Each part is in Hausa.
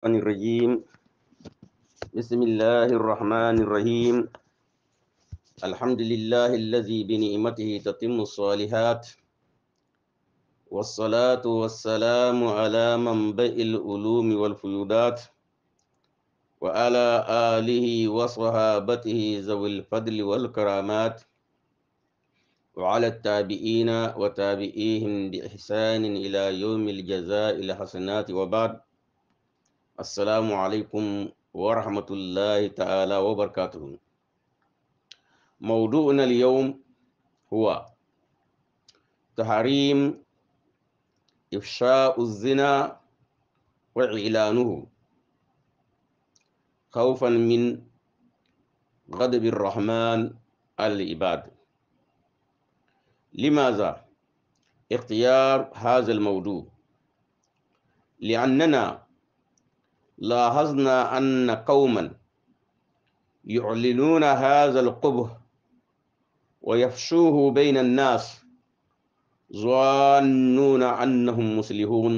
الرحمن الرحيم بسم الله الرحمن الرحيم الحمد لله الذي بنعمته تتم الصالحات والصلاة والسلام على منبئ العلوم والفيودات وعلى آله وصحابته ذوي الفضل والكرامات وعلى التابعين وتابعيهم بإحسان إلى يوم الجزاء الحسنات وبعد السلام عليكم ورحمة الله تعالى وبركاته موضوعنا اليوم هو تحريم إفشاء الزنا وإعلانه خوفا من غضب الرحمن على العباد لماذا اختيار هذا الموضوع لأننا لاحظنا أن قوما يعلنون هذا القبه ويفشوه بين الناس ظنون أنهم مصلحون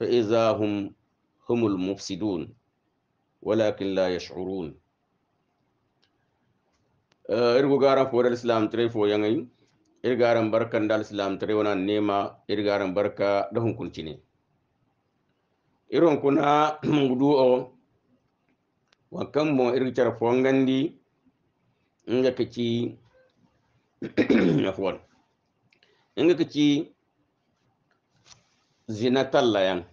فإذا هم هم المفسدون ولكن لا يشعرون آه، إرغارم فور الإسلام تري فو إرغارم بركة دال الإسلام تري ونا إرغارم بركة دهون كنتيني irin kuna gudu a wakan mo irin carfon gandi ci kaci inda ka ci zina tallayan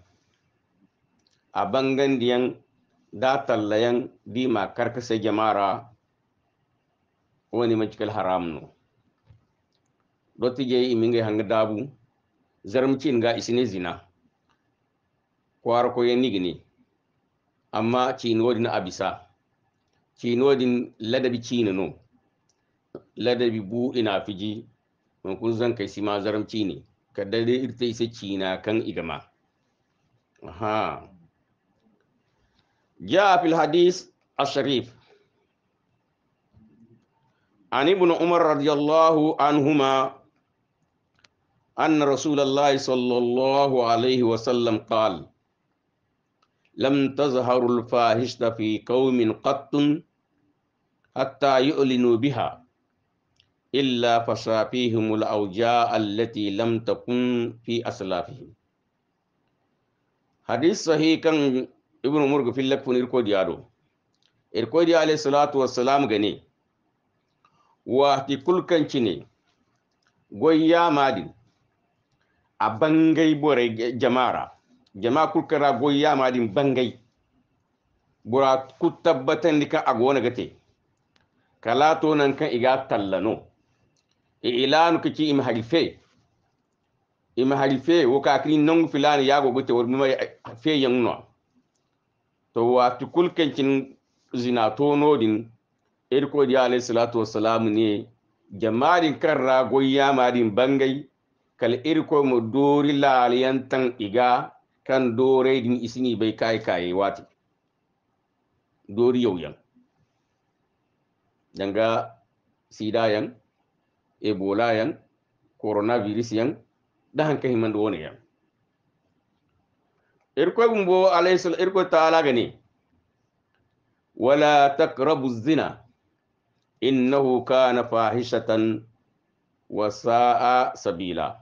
a bangandiyan da tallayan di ma karkasa jamara wani majikal haram no doti je iminga hanga dabu zarmcin ga isine zina kwara ko yen amma cinodin abisa cinodin ladabi cinano ladabi bu ina fiji mun kun zan kai sima zaram cini kadda dai irta isa cina kan igama aha جاء في الحديث الشريف عن ابن عمر رضي الله عنهما أن رسول الله صلى الله عليه وسلم قال lam tazharul fahishta fi qaumin qattun hatta yu'linu biha illa fasafihim al-awja allati lam takun fi aslafihim hadis sahih kan ibnu murgu fil lakfun irko diado irko di alayhi gane wa ti kulkan cine goyya madin a bangai bore jamara jama'a kulka ragoyi ya malin bangai bura ku tabbatar nika a gona gate kala to nan kan iga tallano e ilanu kiki im harife im harife wo ka kri non ya go gote wor mai fe yanno to wa tukul cin zina to nodin er ko di alayhi salatu wassalamu ne jama'in kan ragoyi ya malin bangai kal irko er mu dori laliyan tan iga kan do din isini bai kai kaye wati dori yauyan danga sida yan ebola yan coronavirus yan da hanka himan do wani yan irko bumbo alaisul irko ta'ala gani wala taqrabu zina innahu kana fahishatan wa sa'a sabila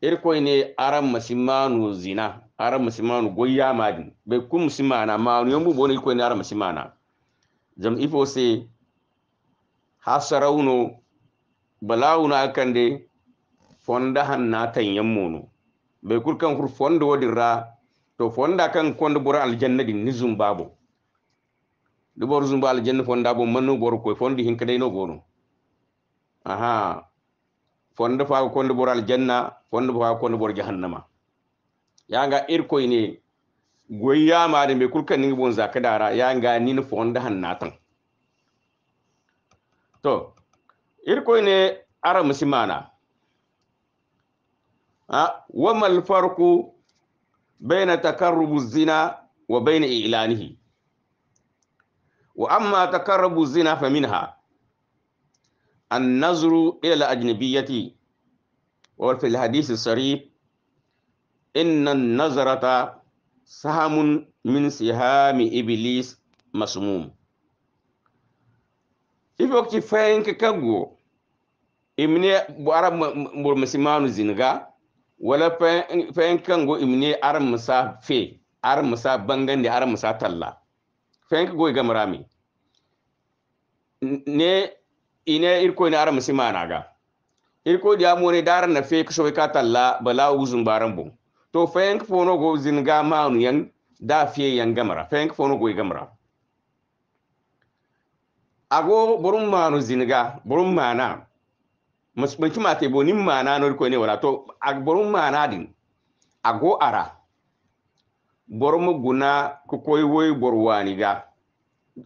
irkoi ne aran masimanu zina aran masimanu goya madi be ku ma manu yombu bon irkoi ne aran masimana jam ifo se hasarauno balawuna akande fonda hanna tan yammono be kurkan kur fonda wadira to fonda kan konda bora aljanna din nizum babo bor zumba aljanna fonda bo manu bor ko fondi hinkade no gono aha fondu fa ko konde bor aljanna fondu fa ko konde bor jahannama yanga koy ne goyya ma da me kulkan ni bon zaka dara ni nin fonde hannatan to koy ne ara musimana ha mal farqu bayna takarrubu zina wa bayna i'lanihi wa amma takarrubu zina faminha النظر إلى الأجنبية وفي الحديث الصريح إن النظرة سهم من سهام إبليس مسموم ifokci fayinka kago imne ara bor musimanu zinga wala fayin kango imne ara musa fe ara musa bangande ara musa talla fayinka goy gamrami ne ina irko ina ara musima ga irko dia ne daran na fake shoy ka talla bala uzun baran bu to fayank fono go zinga ma'anu yang da fe yang gamara fayank fono go gamara ago burun manu zinga burun maana musbanci mate bo nim ma'ana no irko ne wala to ag burun maana din ago ara borom guna ku koy woy borwani ga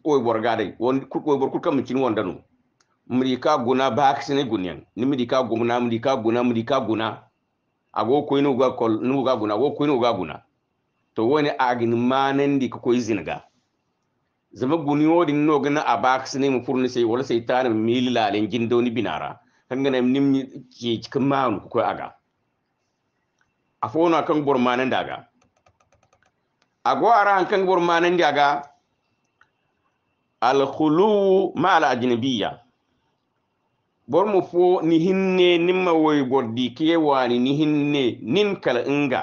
oy borgadai won ku koy bor ku kam cin wondanu mrika guna bak sine gunyan ni mrika guna mrika guna mrika guna ago ko inu ga kol nu ga guna go ko inu ga guna to woni agin manen di ko izinga zama guni wodin no gana abak ne mu furni sai wala sai tare mili lalen gindo ni binara kangana nim ki cikin manu ko aga afona kan bor manen daga ago ara kan bor manen daga al khulu ma al ajnabiyya Bor mu fo ni hinne nimma woy gordi ke wani ni hinne nin kala inga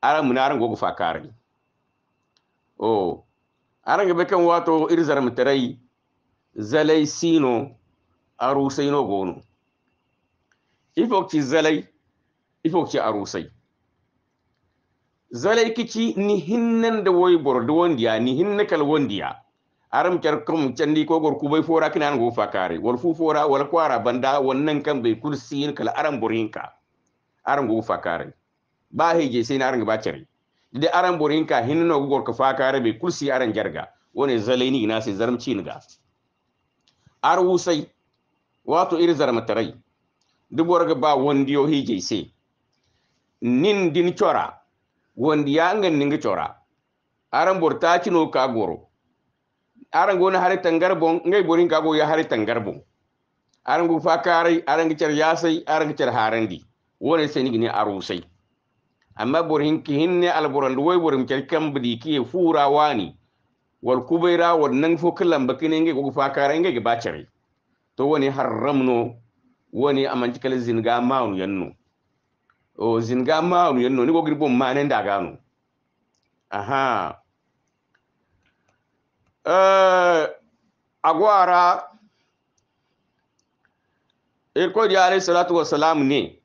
ara munaran gogo fakarni o aranga be kan wato irzar mutarai zalai sino arusai no gono ifokci zalai ifokci arusai zalai kici ni hinnan da woy bordo wondiya ni hinne kala wondiya aram kyar kum candi ko gor kubai fora kinan go fakare wal fu fora wal kwara banda wannan kan bai kursiyin kala aram burinka aram go fakare ba heje sai na aram ba cari dai aram burinka hinno go gor ka fakare bai kursi aram jarga wani zalaini na sai zarmci ni ga ar wusai wato iri zarmatarai duk ga ba wandiyo heje sai nin din chora wandi ya ngan ninga chora aram burta cino ka goro arango na hari tangarbo ngai borin kago ya hari tangarbo gufa fakare arango gicer yasai arango gicer harandi wone seni gini arusai amma borin ki hinne alboran duwai borin kam kambdi ki fura wani wal kubaira wal nan fo kallan bakine ngai gufa fakare ngai ba cere to wone harramno woni amanci kala zinga maunu yanno o zinga maunu yanno ni go girbon manen dagano aha Eh, agora irko da alaihi salatu salam ne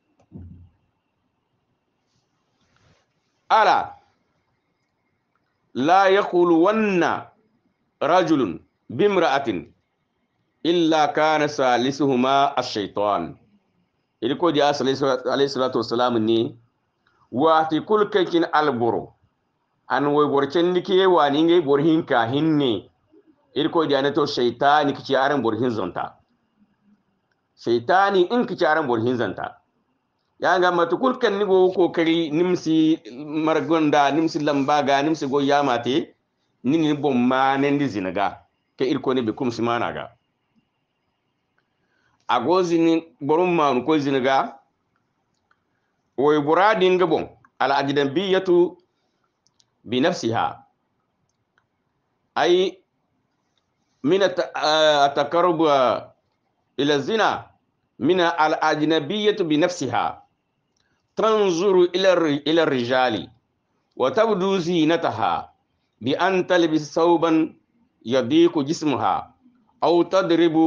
ala la yaqulu wanna rajulun bimra'atin illa kana salisuhuma ash-shaytan ko ji alayhi salatu wasalam ne wati kulkakin alburu an wai gorcen nike wani ngai borhin ka ne irko da ne to shaitani kici aran burhin zanta, shaitani in kici aran burhin zonta ya ga matukul kan ni go kokari nimsi margonda nimsi lambaga nimsi go yamate nini bomma nendi zinaga ke irko ne bikum ga agozi ni borum manu ko zinaga woy buradin gabon bon al ajdabiyatu bi nafsiha ay من آه، التقرب إلى الزنا من الأجنبية بنفسها تنظر إلى الرجال وتبدو زينتها بأن تلبس ثوبا يضيق جسمها أو تضرب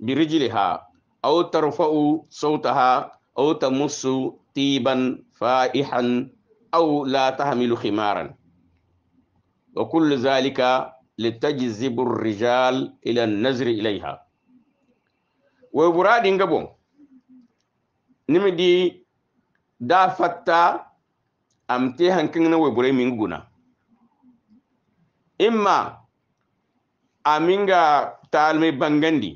برجلها أو ترفع صوتها أو تمس طيبا فائحا أو لا تحمل خمارا وكل ذلك litajzibur rijal ila nazri ilaiha way buradin gabon nimidi da fatta amte hankin na wayburai min guna imma aminga talmi bangandi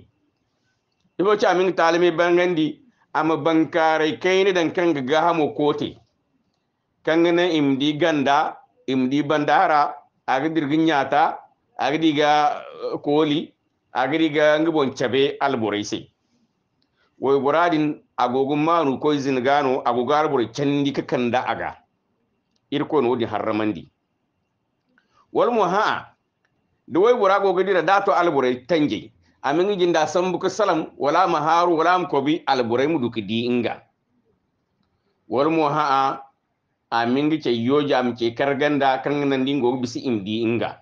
ibo cha amin talmi bangandi am bankare kai ne dan kan ga hamo kote kan na imdi ganda imdi bandara agdir ginyata agriga eh, koli agriga ngibon chabe alboraise wai buradin agogun manu ko gano agoga albore candi kakanda aga irko no di haramandi. wal muha da wai bura goga dira dato alburai tanje amin da san ka salam wala maharu wala mkobi alburai mu duki di inga wal muha amin gice yoja am ke karganda kan nan dingo bisi indi inga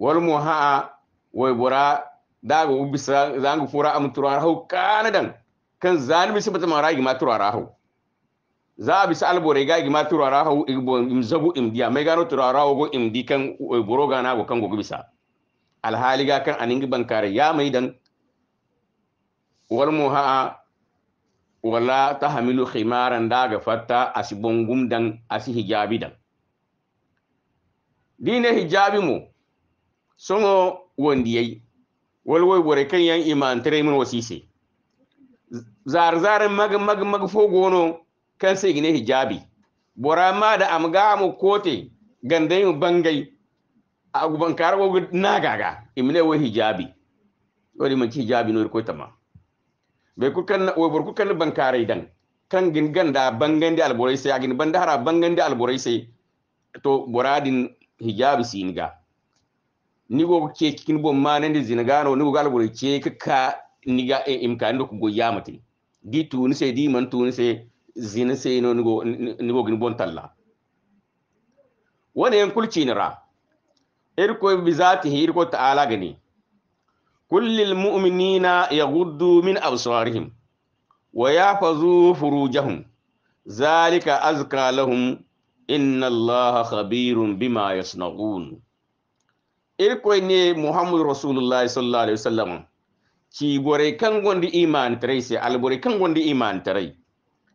wal ha'a way bora daga ubi zangu fura am turara hau kanadan kan zani bisi bata mara gima turara hau za a bisa albore ga gima turara hau igbo im zagu im dia mai gano turara hau go im di kan way boro gana go kan go bisa alhali ga kan aningi bankare ya mai dan wal ha'a wala ta hamilu khimaran daga fatta asi bongum dan asi hijabi dan dine hijabi mu songo wondiyai walwai wore kan yan imantere min wasise zar zar mag mag mag fo gono kan sai gine hijabi bora ma da amga mu kote gandai mu bangai a guban karwo na gaga imne wo hijabi wani mai ci hijabi no ko ma be ku kan wo bor ku kan bankare dan kan gin ganda da alborai sai agin bandara bangan da alborai sai to boradin hijabi ga. nigo ke kin bon manen da zinagano nigo gal bore ce kaka niga e eh, imkan do go yamati di tuni sai di man tuni sai zina sai no nigo nigo gin bon talla wani yan kulci nira irko bi zatihi irko ta'ala gani kullil mu'minina yaghuddu min absarihim wa yafazu furujahum zalika azka lahum inna allaha khabirun bima yasnaqun irkoyne mouhamadou rasulullahi sallllah alih wa sallam ciigore kan gonde imane taray si alabore kan gonde imane taray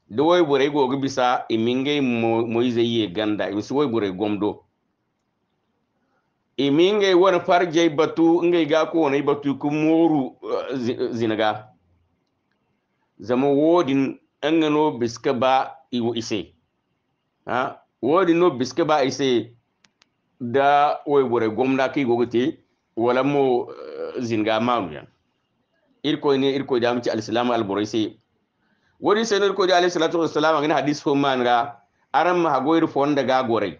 de woy bore gogo bisa emingey moise yiye ganda emi si woy bore gomdo emingey wona far jey batu ngey ga ko wonay batu ko mooru eh, eh, zinaga zama woodin engano biska ba iwo ise ha woodi no biska ba ise da oy bore gomna ki gogoti wala mo eh, zinga manu yan irko ne irko da muci alislamu alborai sai wani sai irko da alayhi salatu wassalam ngin hadis ko man ga aran ma hagoyir fonda ga gorai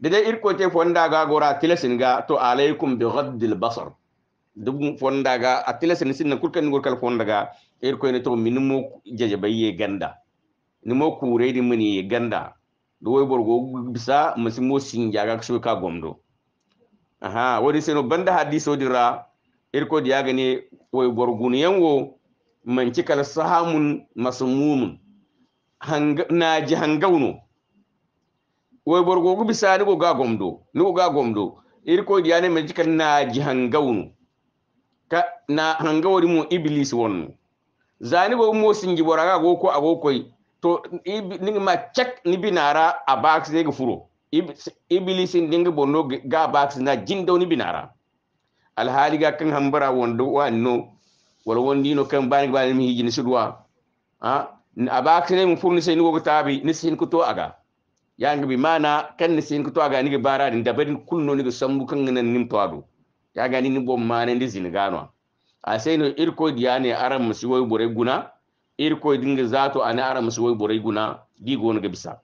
da dai irko te fonda ga gora tilasin ga to alaikum bi ghaddil basar dubu fonda ga a tilasin sin kurkan gurkal fonda ga irko ne to minimo jajabaye ganda ni mo kure di muni ganda do borgo bisa musi mosin jaga su ka gomdo aha wodi seno banda hadiso dira irko diya gani wai borguniyan wo manci kala sahamun masmumun hang na ji hangauno wai borgo bisa ni go ga gomdo ni go ga gomdo irko diya manci kala na ji hangauno ka na hangawari mu iblis wonno zani go mosin jibora ga go ko agokoi to ninga ma cek ni binara a ne ga furo ibilisin dinga bono ga box na jindo ni binara alhali ga kan hambara wondo wanno wala no kan bani bani mi hijini sudwa a a box ne mu furni sai ni wogo tabi ni sin ko to aga yang bi mana kan ni sin ko to aga ni ga bara din dabarin kunno ni ga sambu kan nan nim to ado ya ga ni ni bom mana ndi zin ganwa a sai no irko diane aram musuwai bore guna irko dinga zato ana ara wai burai guna digonu ga bisa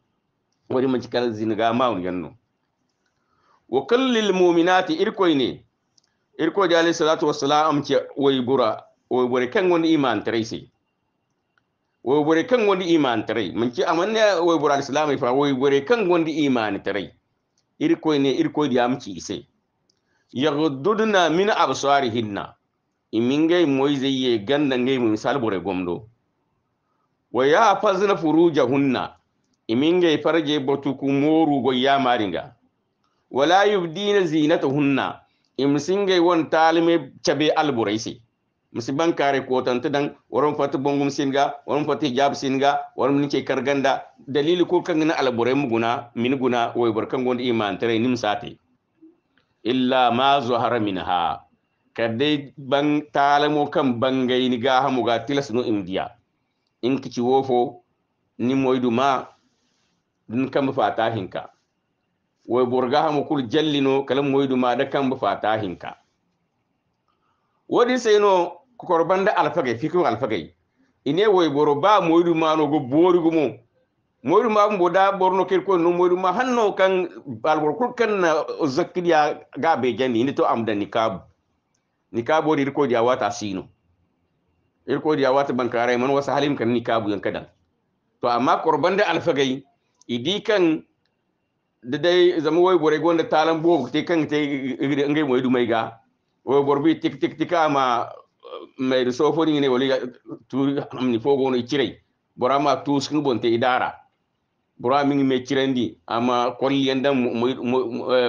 wani manci zinga ziniga wani yanno wa kullil mu'minati irko ne irko da alayhi salatu wassalam ce wai bura wai bura kan wani iman tare sai wai bura kan wani iman tare ci amanna wai bura islamai fa wai bura kan wani iman tare irko ne irko da ya amci sai yaghdudna min absarihinna moyi zai ye gandan ngay mu misal bura gomdo wa ya fazna furujahunna iminga farje botuku moru go ya maringa wala yubdina zinatahunna imsinga won talime chabe alburaisi musiban kare kotanta dan waran fatu bongum singa waran fatu hijab singa waran nike karganda dalili ko kan na alburai muguna min guna wai barkan gonda iman tare nim sate illa ma zuhara minha kadai ban talamo kan bangai ni ga hamu ga tilas no indiya inki ci wofo ni du ma dun kam ta hinka way burga hamu kul jallino kala du ma da kam ta hinka wodi seno korbanda alfagay fikru alfagay ine way boro ba du ma no go borigo mo du ma bo da borno kel ko no du ma hanno kan bor kul kan zakriya gabe jani ni to amda nikab nikabo rir ko jawata sino irko diya wata bankara man wasu halim kan ni kabu yan kadan to amma korban da alfagai idi kan da dai zama wai bore gonda talan bo te kan te ngai moy mai ga wai borbi tik tik tika ma eh, mai sofoni ne wali tu amni fogo no cirei borama tu skin te idara bora min me cirandi ama kolli yanda moy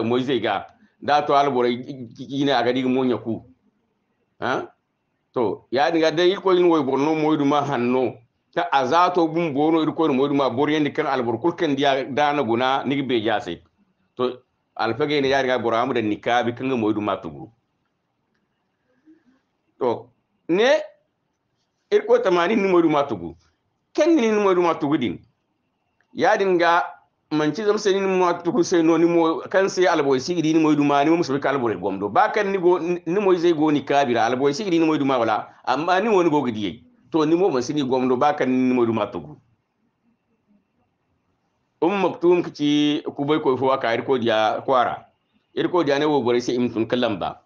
moy eh, zai ga da to al kina ga digi mo nyaku ha to ya ga dai ko in way borno moydu ma hanno ta azato bun bono ir ko moydu ma bor yendi kan albur kulkan diya dia dana guna nigi be jase to alfage ne dinga ga boramu da nikabi kan moydu ma tugu to ne ir ko tamani ni moydu ma tugu ken ni moydu ma tugu din ya ga manci zam seni mo tuku se no ni mo kan se alboy sigiri ni moy duma ni mo musul kalbo re gomdo ba kan ni go ni moy zai go ni kabira alboy sigiri ni moy duma wala amma ni woni go gidi to ni mo masini gomdo ba kan ni moy duma tuku um maktum kici ku bai ko fo ka irko dia kwara irko dia ne wo gore se imtun kallan ba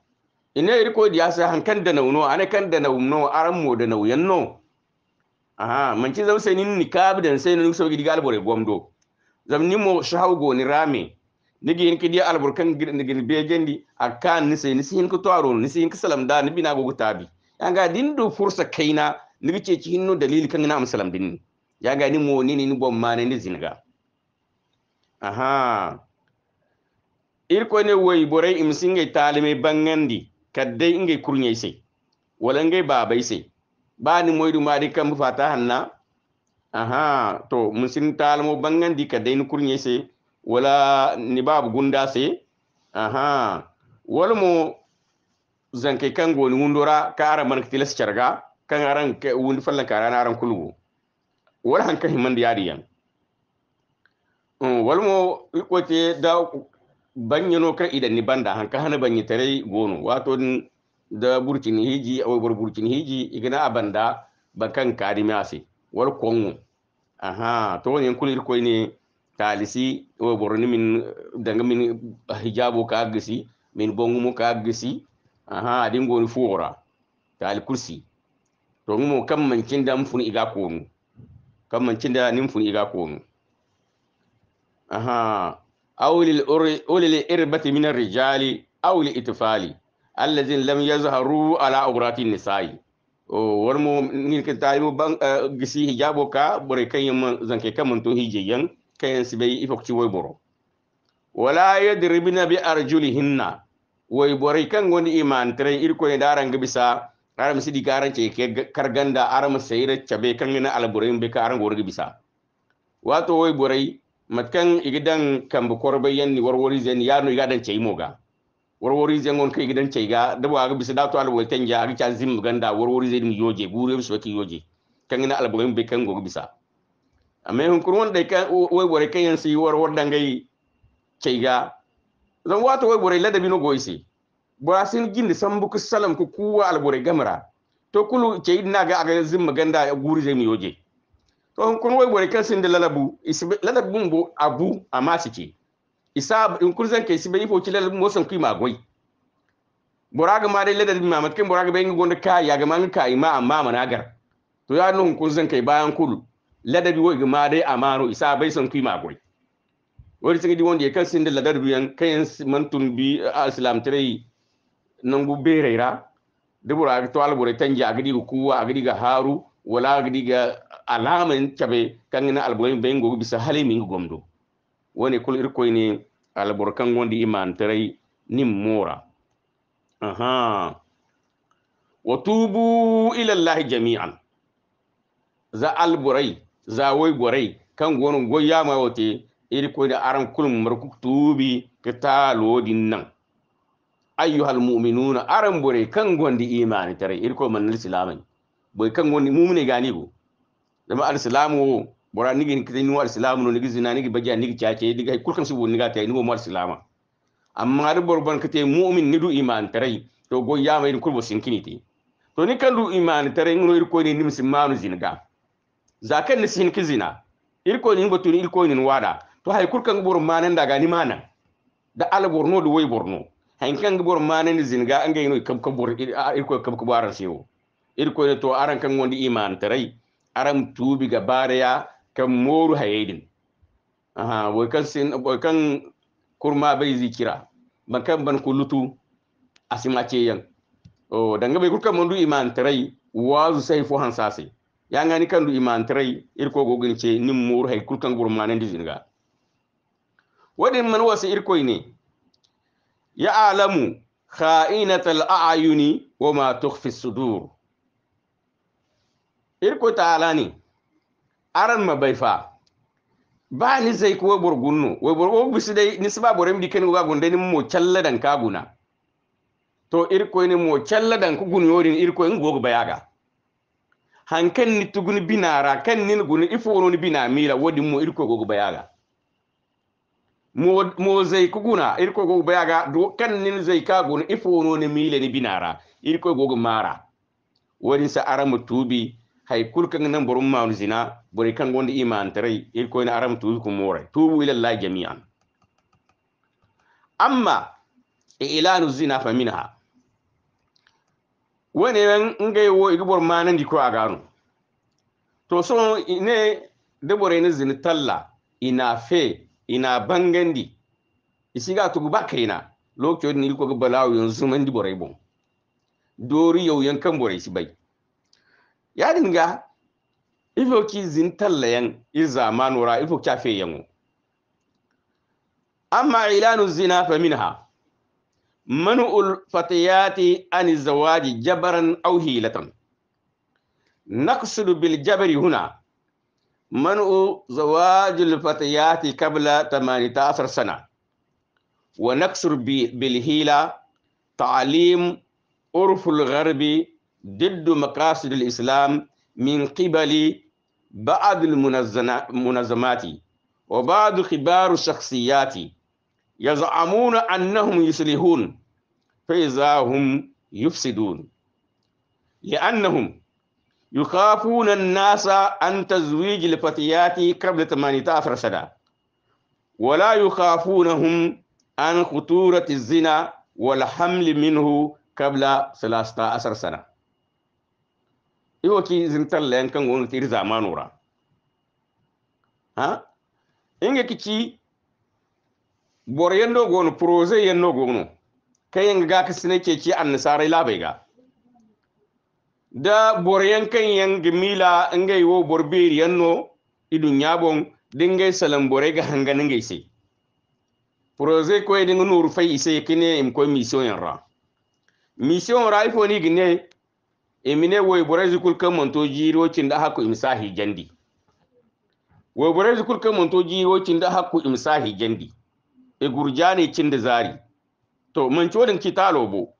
ina irko dia sa hankan da nauno ana kan da nauno aran mo da no? aha manci zam seni ni kabidan sai ni so gidi galbo re gomdo zamni mo shahaw go ni rame nigi hin kidi alburkan nigil begendi akan ni sai ni sin ko taro ni sin salam da ni bina go tabi yanga din do fursa kaina ni ce ci hinno dalil kan na am salam din ga ni mo ni ni bom mane ni zinga aha ko ne woyi borai singe talime bangandi kadde inge kurnyai sai walange babai sai ba ni moydu madi kam fata hanna aha to musin talmo bangan di ka dain kurnye se wala ni babu gunda se aha wala mo zanke kan goni wundora ka ara man tilas charga kan aran wundi fallan ka ran aran kulgu wala han kan himan diyari yan mm, wala mo kote da banyano kar idan ni banda han ka hana banyi tare gono wato da burcin hiji a burcin hiji igana abanda bakan kadimi ase wal aha to ne kulir irko ne talisi o borni min danga min hijabu ka gisi min mu ka gisi aha din ni fuora tal kursi to mu kam man kinda mfun iga konu kam man kinda nim fun iga konu aha awlil ulil irbati min ar-rijali awli itfali alladhin lam yazharu ala awrati nisa'i warmo nirkin tayo ban eh, gisi hijabo ka bore kan yamma zanke kan mun to hijiyan kan yan sibai ci way boro wala yadribna bi arjulihinna way bore kan woni iman tare irko ne daran gibisa aram sidi garan ce ke karganda aram sayira cabe kan na alburin be aran gorgi bisa wato way bore matkan igidan kan bu korbe yan ni warwori zen yano igadan ce moga warwori ngon kai gidan da ba ga bisa datu al wolten ja aga chan zim ganda warwori zedin yoje gure so ki yoje kan ina al bai kan go bisa amma hun kurwon dai kan wai bore kan yan dan gai ce ga zan wato wai bore ladabi no goisi bora sin da sambu buku salam ku kuwa al bore gamra to kulu ce na ga ga zim ganda zai zedin yoje to hun kun wai bore kan sin da ladabu lalabun bo abu amma sike isa in zan kai si foki fo kilal mosan kui magoi boraga ma dai ma mamat kin boraga bayin gonda ka ya ga man ka ima amma managar to ya nun zan kai bayan kulu ladabi wo ma dai amaro isa bai san kui magoi wori singi di wonde e kan sinde ladar biyan kayan mantun bi islam tare nangu bereira de boraga to al bore tanja agadi ku agadi ga haru wala agadi ga alaman cabe kangina alboyin bayin gobe bisa halimin gomdo woni kul irkoyni alborkan gondi imantaray nin mura aha wa tubu ila llahi jami'an za alburai za wai boray kan gonon ma wote da aran kulum marku tuubi kita loodin nan ayyuhal mu'minuna aran bore kan gondi imani tare irko man al-islamin bai kan gondi mu'mine ganigo dama al-islamu bora nigi kiti nu islam no nigi zina nigi bagia nigi chache nigi kulkan sibu niga tay nu mo islam amma har ban kite mu'min nidu iman tarai to go ya mai kulbo sinkiniti to ni kandu iman tarai ngro irko ni nimsi manu zinga zakan ni sinki zina irko ni batun irko ni wada to hay kulkan bor manan daga ni manan da ala borno da wai borno hay kan bor manan zinga an ga yino kam kam bor irko kam kabaran sewo irko to aran kan gondi iman tarai aram tubi ga bariya kan moru hayedin aha wai kan sin wai kan kurma bai zikira ban kan ban kulutu asima ce yan o danga bai kurkan mundu iman tarai wazu sai fo han sase ya ngani kan du iman tarai irko gogin ce nim moru hay kurkan gurmanan dizinga wadin man wasu irko ne ya alamu kha'inatal a'yuni wa ma tukhfi sudur irko ta'ala ne aran ma bai fa ba ni zai kuwa burgunnu wai burgo su dai ni su ba borem di kan ga gunde ni mo challa dan ka guna to irko ni mo challa dan ku gun yorin irko in gogo bayaga hankan ni tugun binara kan ni gun ifo ni bina mila wodi mo irko gogo bayaga mo zai ku guna irko gogo bayaga do kan ni zai ka gun ifo ni mila ni binara irko gogo mara wani sa aramu tubi hay kan nan borum maun zina bori kan gonda iman tare il ko ina aram tuzu ku more tubu ila la jami'an amma ilanu zina fa minha wani ran ngai wo igbor manan di ko agaru to so ne da bore ne zina talla ina fe ina bangandi isiga tugu bakaina lokacin ni ko ga balawo yanzu man di bore bon dori yau yankan bore si bai yaringa ifo ki zintallayan ir zamanora ifo kyafe yango amma ilanu zina fa minha manu'ul fatiyati an zawaji jabaran aw hilatan naqsudu bil jabri huna manu'u ta fatiyati qabla 18 sana wa naqsur bil hila ta'lim urful gharbi ضد مقاصد الإسلام من قبل بعض المنظمات وبعض كبار الشخصيات يزعمون أنهم يصلحون فإذا هم يفسدون لأنهم يخافون الناس عن تزويج الفتيات قبل 18 سنة ولا يخافونهم عن خطورة الزنا والحمل منه قبل 13 سنة iwo ki zintar layan kan gonu tiri zamanu nura. ha inga kici bor yendo gonu proze yendo gonu kayan ga ka sine ke annasara la bai ga da bor yan kan yan gimila inga yiwo borbir yanno idun yabon dinga salam bore ga hanganin ise proze ko dinga nuru fai ise kine im ko mission ra mission ra ifoni gine emine woy boray zikul kan manto jiro cin da haku imsahi jendi. woy boray zikul kan manto jiro cin da haku imsahi jendi. e gurjani chinda zari to man codin kitalo bo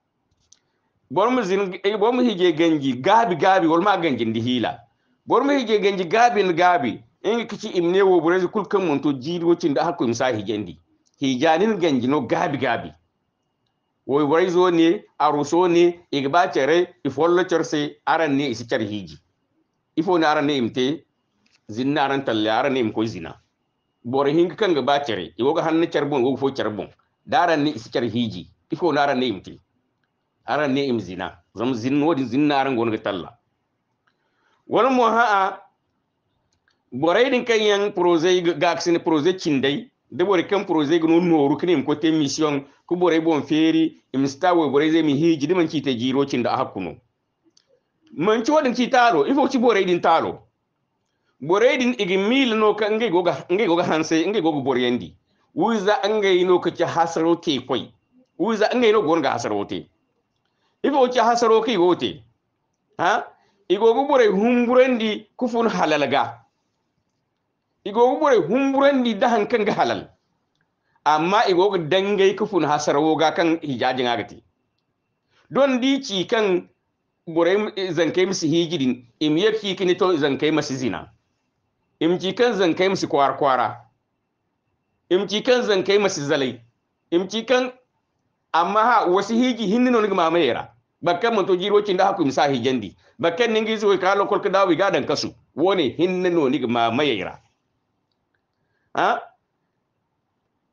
bor mu zin e bor mu hige ganji gabi gabi wal ma ganjin di hila bor mu hige ganji gabi ni gabi in kici imne wo boray zikul kan manto jiro cin da haku imsahi jandi hijanin genji no gabi gabi woy wayzo ne a ruso ne igba cere ifollo cerse aran ne isi cer hiji ifo ne aran ne imte zinna aran talle aran ne imko zina bore hinga kan ga ba cere iwo ga hanne cer bon wo fo cer bon daran ne isi cer hiji ifo ne aran ne imte aran ne im zina zam zinna, wodi zinna aran gon ga talla wal muhaa bore din kan yan proje ga aksine proje cindai de bore kan projet gnu noru kini ko te mission ku bore bon feri im sta we bore ze mi hiji de man ci te jiro cin da hakuno man ci wadin ci taro ifo ci bore din taro bore din igi mil no ka ngi goga ngi goga hanse ngi goga bore yendi wiza ngai no ka ci hasaro te koi wiza ngai no gonga hasaro te ifo ci hasaro kai gote ha igogo bore humburendi kufun halalaga igo bore humburan ni dahan kan ga halal amma igo dangai kufun hasarwo ga kan hijajin agati don di ci kan bore eh, zankai musu higirin im yaki kini to zankai masu zina im ci kan zankai musu kwar kwara im ci kan zankai masu zalai im ci kan amma ha wasu hiji hinni no ma mayera bakkan mun to jirocin da haku misa hijandi bakkan ningi zo kalo kolka dawi gadan kasu wone hinni no ga ma mayera ha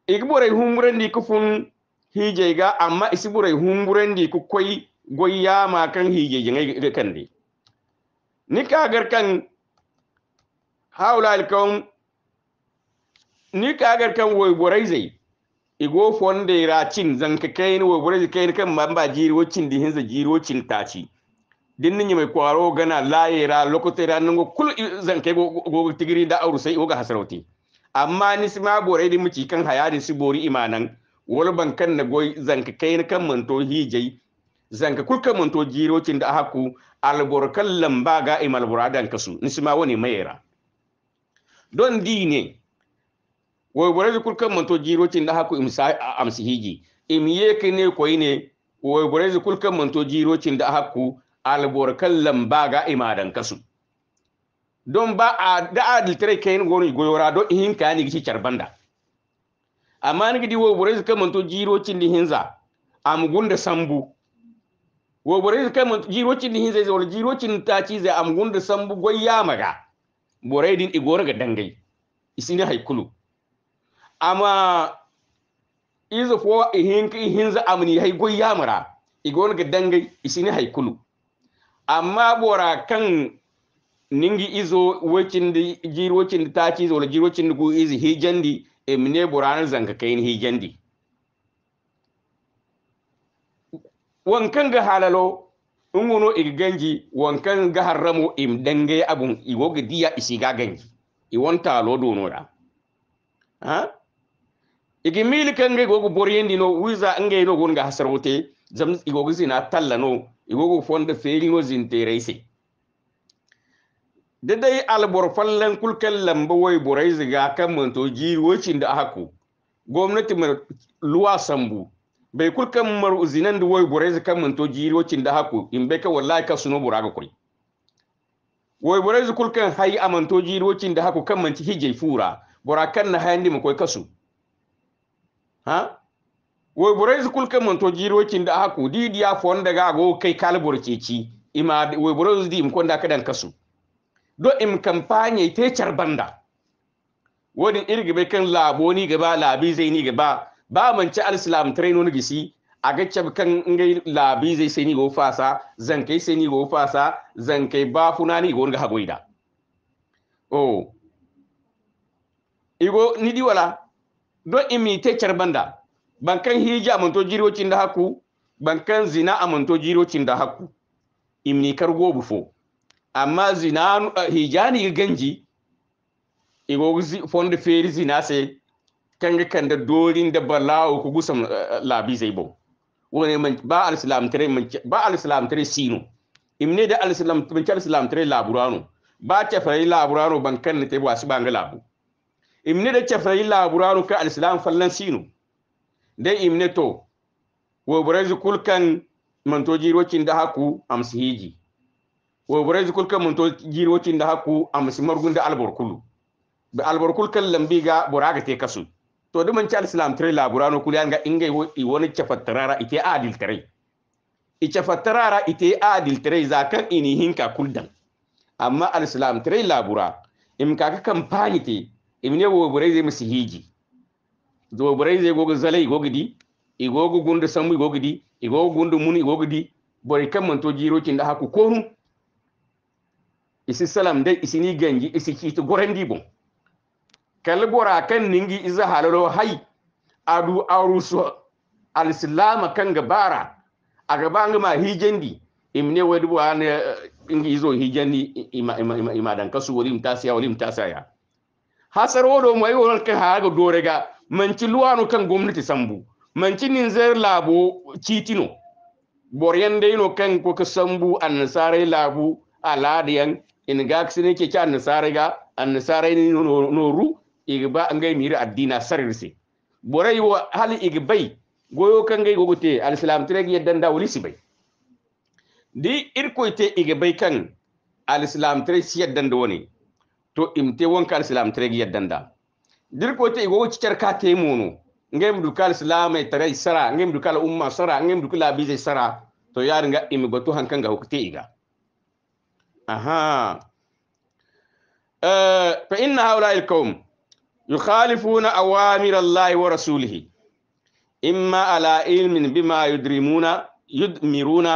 humburen di kufun hijega amma humburen di ku koi goyya ma kan hijejin ga kan di ni gar kan haula kaum nika gar kan wai borai zai igo fonde ra cin zanka kai ni wai zai kai kan mamba jiri wo cin di hinza jiri cin taci din ni mai kwaro gana layera lokotera nungo kul zanka go tigiri da auru sai go ga hasarauti amma ni sima bore di muci kan hayarin si bori imanan wol ban kan na goy zanka kai kan manto hijai zanka kul kan manto jirocin da haku alborkan lamba ga imal buradan kasu ni sima wani mayera don di ne wai bore di kul kan manto jirocin da haku imsa amsi hiji imiye ne koyi ne wai bore di kul kan manto jirocin da haku alborkan lamba ga imadan kasu don ba a da adiltare kayin goni goyora don ihin ka ni gishi charbanda amma ni gidi wo bore suka mun to jiro cin di hinza am da sambu wo bore suka mun jirocin cin hinza zai jiro cin ta ci zai am da sambu ya maga bore din igora ga dangai isini haikulu amma izo fo ihin ka hinza amni hay ya mara igora ga dangai isini haikulu amma bora kan ningi izo wacindi jir wacindi taci zo la jir wacindi ku izi hijandi e mine burana zanka kain hijandi wankan ga halalo ngono ig ganji wankan ga haramu, im dange abun iwo ga diya isi ga ganji i wonta lo no da ha igi mili kan ga gogo boryendi no wiza ngai no gon ga hasarwote zam igo gizi na tallano igo go fonda feri no zinte reise da dai albor fallan kulkan lamba wai burai ziga kan manto jiwocin da haku gwamnati mai luwa sambu bai kulkan mar da wai burai ziga kan manto jiwocin da haku in bai ka wallahi ka suno ga kuri wai burai ziga kulkan hayi a manto jiwocin da haku kan manci hijai fura kan na hayan dima koi kasu ha wai burai ziga kulkan manto jiwocin da haku didiya fonda ga go kai kalibur ceci ima wai burai ziga im konda kadan kasu do im campagne te charbanda wodin bai kan labo ni gaba labi zai ni gaba ba ci alislam traino ni gisi a ga cab kan ngai labi zai sai ni go fasa zan kai sai ni go fasa zan kai ba funa ni go ga hagoida oh igo ni di wala do imi te charbanda bankan hija amanto jirocin da haku bankan zina amanto jirocin da haku imni kargo bufo amma zina hijani ganji igo fonde feri zina se kanga kanda dorin da balawo ku gusam eh, labi zai bo wani man ba alislam tare man ba alislam tare sino imne da alislam islam man al tare laburano ba ta fari laburano ban kan ne te ba su ga labu imne da ta fari laburano ka alislam fallan sino dai imne to wo burazu kulkan mantoji rokin da haku amsihiji wo bore jikul kam to giro tin da haku a musimar gunda alborkulu be alborkul kan lambiga ga te kasu to dum an ci alislam tre laburano kulian ga ingai wani chafatarara ite adil tare i chafatarara ite adil tare zakan ini hinka kuldan amma alislam tare labura im kaka kampani te imne wo bore zai musu hiji zo bore zai gogo zalai i gogo gunda samu i gogo gundu muni di bore kan manto jiro kin da haku ko isi salam dai isi ni ganji isi kiti gorendi bon kalbora kan ningi iza halalo hai adu aruso islam kan gabara a gaba nga ma hijendi imne wadu an ne eh, ingi izo hijendi ima ima ima, ima dan kasu wali mtasiya wali mtasaya hasar wodo mai wonal ka ha ga dorega manci luwanu kan gwamnati sambu manci zer labo citino boryan dai no kan ko ka sambu sare labu aladiyan in ga kisine ke ki annasarai ga annasarai ni noru igba an gai miri addina sarirse borai wa hali igbai goyo kan ga gogote alislam ga yaddan da wulisi bai di irko ite igbai kan alislam tiregi yaddan da wani to imte wonka alislam ga yaddan da ite igogo cikar ka te mono mi dukal islam e tare sara mi dukal umma sara mi dukal abize sara to ga imi imigoto hankan ga hukute iga أها آه، فإن هؤلاء القوم يخالفون أوامر الله ورسوله إما على علم بما يدرمون يدمرون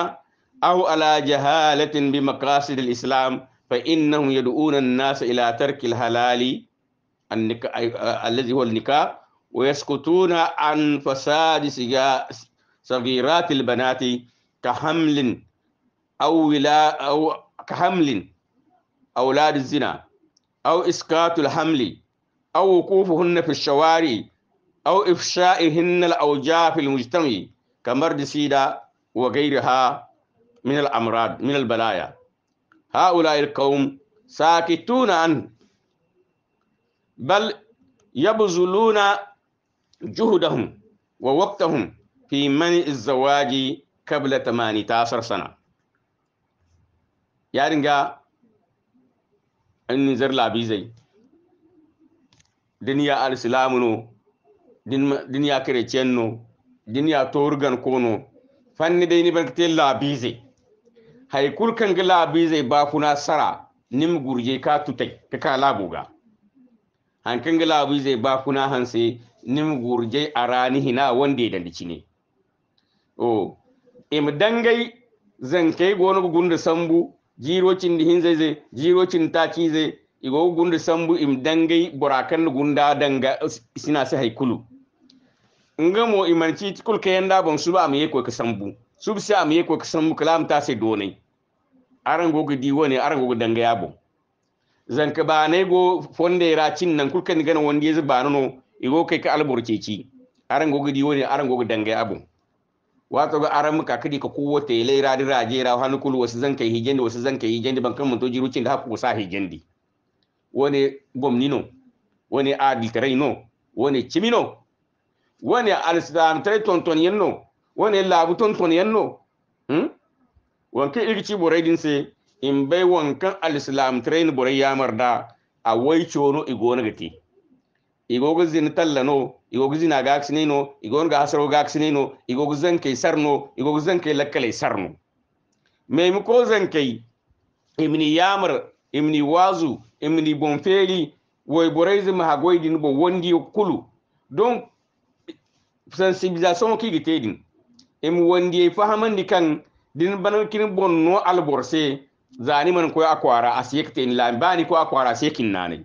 أو على جهالة بمقاصد الإسلام فإنهم يدعون الناس إلى ترك الحلال آه، الذي هو النكاح ويسكتون عن فساد صغيرات البنات كحمل أو ولا أو كحمل أولاد الزنا أو إسقاط الحمل أو وقوفهن في الشوارع أو إفشائهن الأوجاع في المجتمع كمرض سيدا وغيرها من الأمراض من البلايا هؤلاء القوم ساكتون عن بل يبذلون جهدهم ووقتهم في منع الزواج قبل 18 سنه ga ringa an zar labizai duniya al no duniya kirecen no duniya torgan kono fanni dai ni barkate labize haikul kan ga labizai ba ku nasara nim gurje ka tutai ka ka labuga hankan ga labizai ba na hanse nim gurje arani hina wanda da dici ne o oh, im dangai zankai gonu gundu sambu jiro zai hinzeze jiro ci zai igo gundu sambu im dangai burakan gunda danga sina sai haikulu nga mo imanci tikul ban bon ba am yeko ka sambu su subsi am yeko ka sambu kalam ta sai donai arango go di ne arango go danga yabo zanka ba ne go fonde ra cin nan kulkan gana wanda ya zuba nono igo kai ka alburceci arango go di woni arango go danga yabo wato ga aran muka kadi ka kowa ta yi laira da rajera hanu kulu wasu zan kai higendi wasu zan kai higendi ban kan mun to jirucin da haku sa higendi wani gomnino wani no? wani chimino wani alisdam Tonton tonton no? wani labu tonton yenno hmm wanke irci borai din se in bai wankan alislam train borai ya marda a wai no igona gati igogo zin tallano igogo zina no igon ga asaro gaxinino igogo kai sarno igogo kai lakkalay sarno me mu ko kai imni yamar imni wazu imni bonferi woy borayzi ma din bo wondi kulu don sensibilisation ki din im wondi di kan din banan kin bonno alborse zani man ko akwara asyekte in lambani ko akwara sekin nanai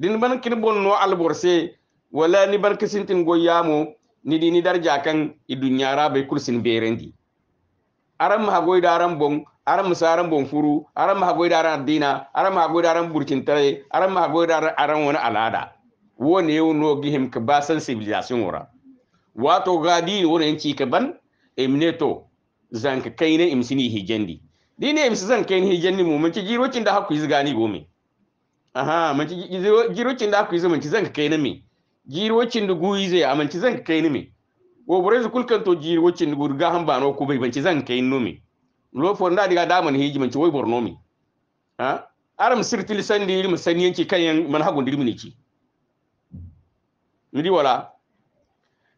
din ban kin bon no borse wala ni bar kisintin goyamo ni di ni darja kan i dunya rabe kursin berendi aram ha goy daram bon aram musaran bon furu aram ha goy daram dina aram ha goy daram burkin tare aram ha goy daram aran wani alada wone yau no gihim ka ba san civilization wora wato gadi wona yanki ka ban emneto zanka kaine imsini hijendi dine imsi zan kaine hijendi mu mun ci jirocin da hakku izgani gome aha manci girocin da aku yi zamanci zan ka kai na me girocin da guyi zai amanci zan ka kai na me wo bore kulkan to girocin da gurga han ba no ko bai banci zan kai no me lo for da diga daman hiji manci wai borno me ha aram sirtil sandi ilmu sani yanki kan yan manhagun dirmi ne ki ndi wala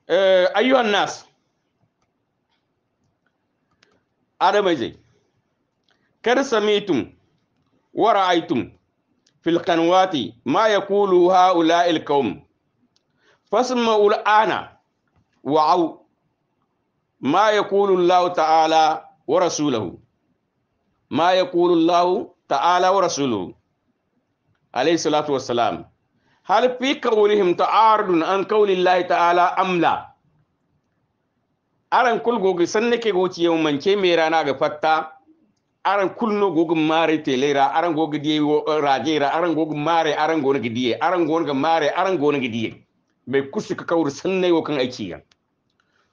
eh ayyuhan nas adamai zai kar samitum wara aitum fil qanwati ma yaqulu haula al qaum fasma'u al ta'ala wa rasuluhu ma ta'ala wa rasuluhu alayhi salatu wassalam هل في قولهم تعارض عن قول الله تعالى أم لا aran kulgo ga san nake goci yau manke mai rana ga fata. aran kulno gogum mare telera aran gogu die eh, rajera aran gogum mare aran gona gidiye aran gona ga mare aran gona gidiye me kusu ka kawur wo kan aiki yan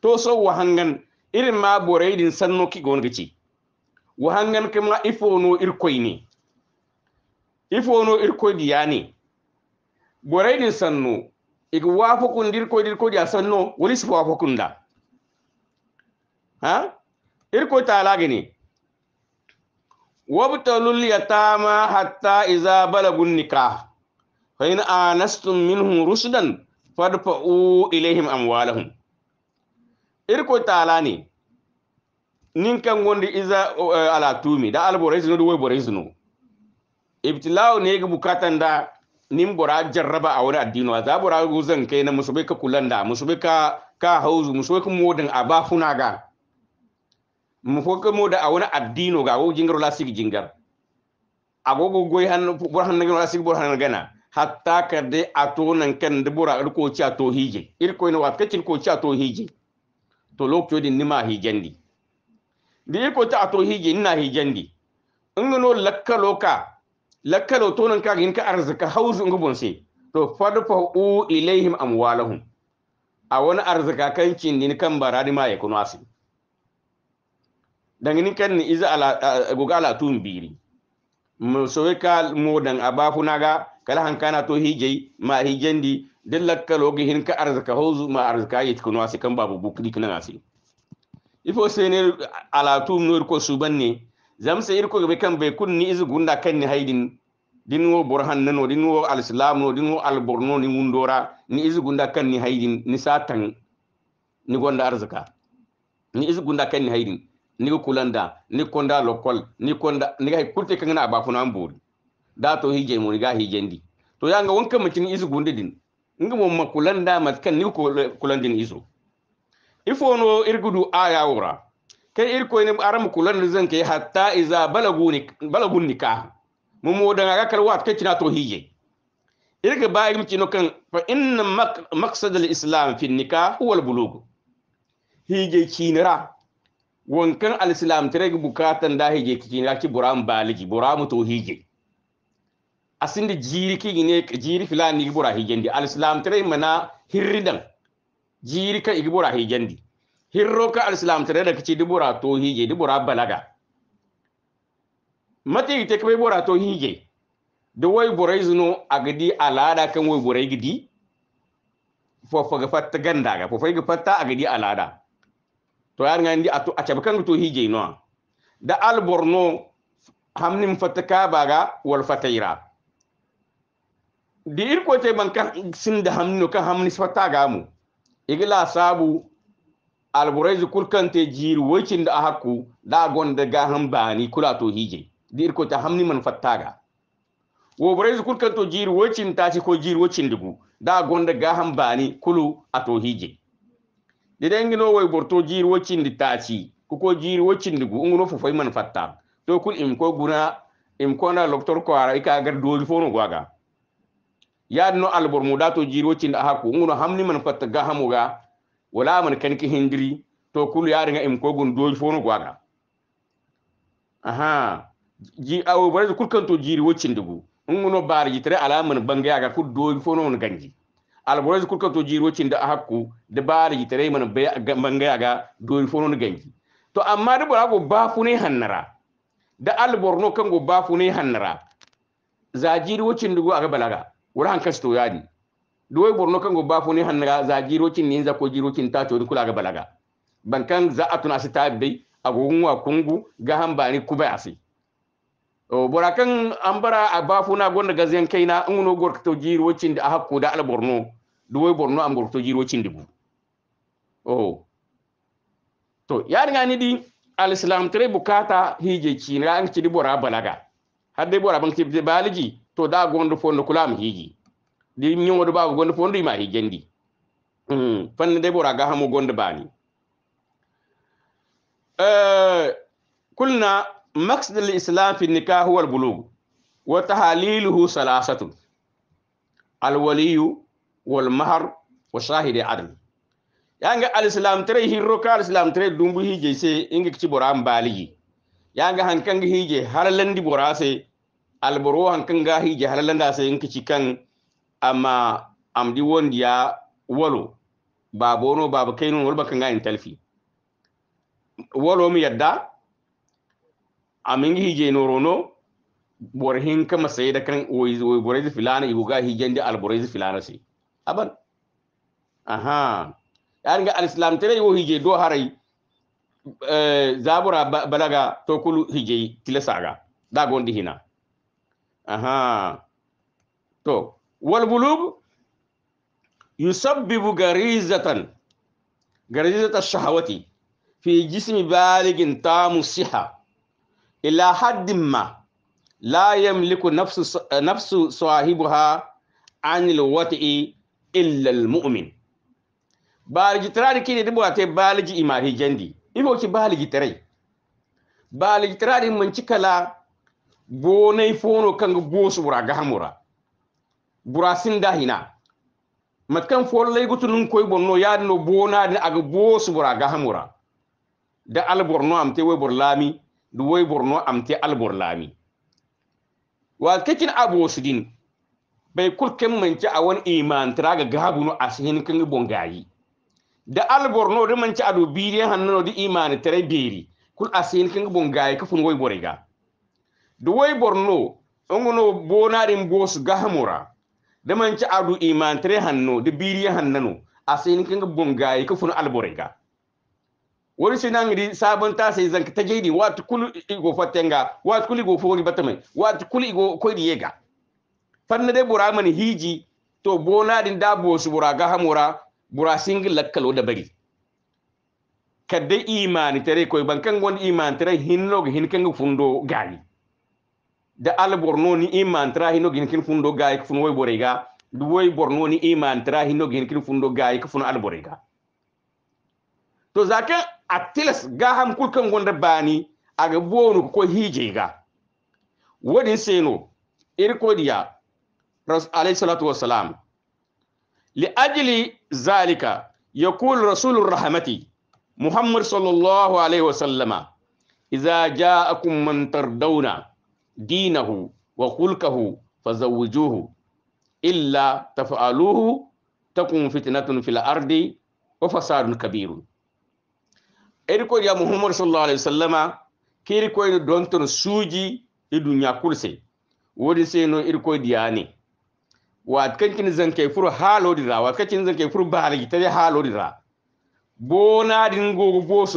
to so wahangan irin ma borai sanno ki gona gici wahangan kuma ifono irkoi ne ifono irkoi diya ne borai din sanno iga wafakun dir dirkoi diya sanno wani wafo wafakun da ha irkoi ta ne. wabtalul yatama hatta iza balagun nikah fa in anastum minhum rusdan fadfa'u ilaihim amwalahum irko taala ni nin kan gondi iza ala tumi da alborais no do way borais no ibtilao ne ga bukatan da nin bora jarraba a wani addini za bora guzan kai na musubai ka kulanda musubai ka ka hauzu musubai ka modin abafuna ga mfoke a wani addino ga jingar jingaro lasigi jingar agogo goy han bor han la sigi bor han gana hatta a to nan kan de bora ir er ko ci to hije ir er ko no watka ko ci to hije to lokto din nima hijendi di ir er ko ta to hije ina hijendi lakka loka lakka lo to nan ka gin ka arzika hauzu ngubon se to fa u ilaihim amwalahum a wani arzika kan cin din kan baradi ma yakunu asin dangini kan ni iza ala goga ala tun biri we ka modan abafuna ga kala kana to hije ma hijendi ka logi hin ka arzaka hozu ma arzaka yit kunwa se kan babu bukri kana asi ifo se ne ala tun no suban ne zam se irko be kan be ni iza gunda kan ni haidin wo burhan nano al islam no al alborno ni wundora ni iza gunda kan ni haidin ni satan ni gonda arzaka ni izu gunda kan ni haidin ni kulanda ni konda lokol ni konda ni ga kurte kangana ba funa ambori da to hije mun ni ga ndi to yanga wonka mutin isu din inga mo makulanda matkan ni izu ifo no irgudu aya wura kai irko ne aram kulan zan kai hatta iza balaguni balagun nikah mu mo daga ga kalwa kai kina to hije irga ba irmi no kan fa inna maqsad al-islam fi nikah huwa al-bulugh hije kinira wonkan alislam tere bukatan da hige kiki na ki buram baligi buram to hige asinde jiri ki ne jiri filani gi bura ndi alislam tere mana hirridan jiri ka igi bura n'di hirro ka alislam tere da kici dibura to hige dibura balaga mate ite kai bura to hige da wai burai zuno agadi alada kan wai burai gidi fofa ga fatta ganda ga fofa ga fatta agadi alada to yar ngandi atu acha bakan to hije no da al borno hamnim fataka baga wal fataira di irko te man kan sin da hamnu kan hamni fata ga mu igila sabu kul kan te jiri wakin da haku da gonda ga han bani kula to hije di irko ta hamni man fata ga wo kul kan to jiri wakin ta ci ko jiri wakin dugu da gonda ga han bani kulu a hije didan gino wai borto jir wacin di taci kuko jir wacin di gu ngono fofai man fatta to kul im ko guna im ko na doktor ko ara ika gar doli fono gaga ya no bor mu dato jir wacin da haku ngono hamni man fatta ga ga wala man kan ki hindiri to kul ya ringa im ko gun doli fono gaga aha ji awo bare kul kan to jiri wacin dugu ngono bar ji ala man bangaya ga ku doli fono ganji alborai kurka to jirocin da hakku da bari tare mana bangaya ga dori fonon gangi to amma da bura ba bafu ne hannara da alborno kan go bafu ne hannara za jirocin dugo aga balaga wura han to yadi doy borno kan go bafu ne hannara za jirocin ne za ko jirocin ta to kula ga balaga bankan za atuna su ta dai agogun wa kungu ga hambani kuba asi burakan an bara a bafuna gonda gazen kaina in wono gorka to wacin da hakku da alborno duwai borno am gorto jiro cindigu oh to yar ngani di al islam tre bukata hije cinra an cidi bora balaga hadde bora ban ci baliji to da gondo fondo kulam hiji di do ba gondo fondo ma hijendi hmm fan de bora ga hamu gondo bani eh kulna maqsad al islam fi nikah wal al bulugh wa tahaliluhu salasatun al waliyu wal mahar wa shahidi adam yanga al islam tare hirro ka al islam tare dumbu hije se inga kici bora ga yanga hankanga hije halalandi bora se al boro ga hije halalanda se inga kici kan amma amdi wondi ya walo babono baba kainun wal bakanga in talfi walo mu yadda amin hije norono borhin kama sai da kan oyi borezi filana ibuga hijen da alborai filana sai aban aha yani ga alislam tere wo hije do harai eh, zabura balaga to kulu hije tilasaga da gondi hina aha to wal bulub yusabbibu garizatan garizatan shahawati fi jismi baligin tamu siha ila haddin ma la yamliku nafsu sahibuha anil wati'i illa almu'min baligi tirari kine dibo ate baligi imari jandi ibo ki baligi tirai baligi tirari mun cikala bonai fono kan su bura hamura bura sin dahina matkan folo lay gutu nun koy bonno yaade no ni aga bosu bura hamura. da alborno amte we bor lami du we borno amte alborlami lami wa kekin abu din bai kulken manci a wani imantira ga gabuno a sihin kan gayi. da alborno da manci a dubirin hannuno da imani tare beri kul a sihin kan bongayi kafin wai boriga da wai borno gano bonarin bosu gahamura da manci a du imantire hannu da biriyan hannano a sihin kan bongayi kafin alboriga wani sai nan ri sabon ta sai zanka ta jeri wata kulu igo fatenga wata kuli igo fori batamai wata kulu igo koyi yega fanna de bura mani hiji to bona din da bo su bura ga hamura bura singil lakkalo da bari kadde imani tare koy bankan gon iman tare hinno hin kan fundo gani da al borno ni iman tare hinno gin kin fundo gani fun woy borega du woy borno ni iman tare hinno gin kin fundo gani fun al ga. to zaka atilas ga ham kulkan gonda bani aga bonu ko hije ga wadin seno irkodiya عليه الصلاة والسلام لأجل ذلك يقول رسول الرحمة محمد صلى الله عليه وسلم إذا جاءكم من تردون دينه وخلقه فزوجوه إلا تفعلوه تكون فتنة في الأرض وفساد كبير إركو يا محمد صلى الله عليه وسلم كيركو دونتون سوجي الدنيا كل كرسي ودي سينو إركو دياني wat kankin kai furu halo dira wat kankin kai furu bari ta halo dira bona din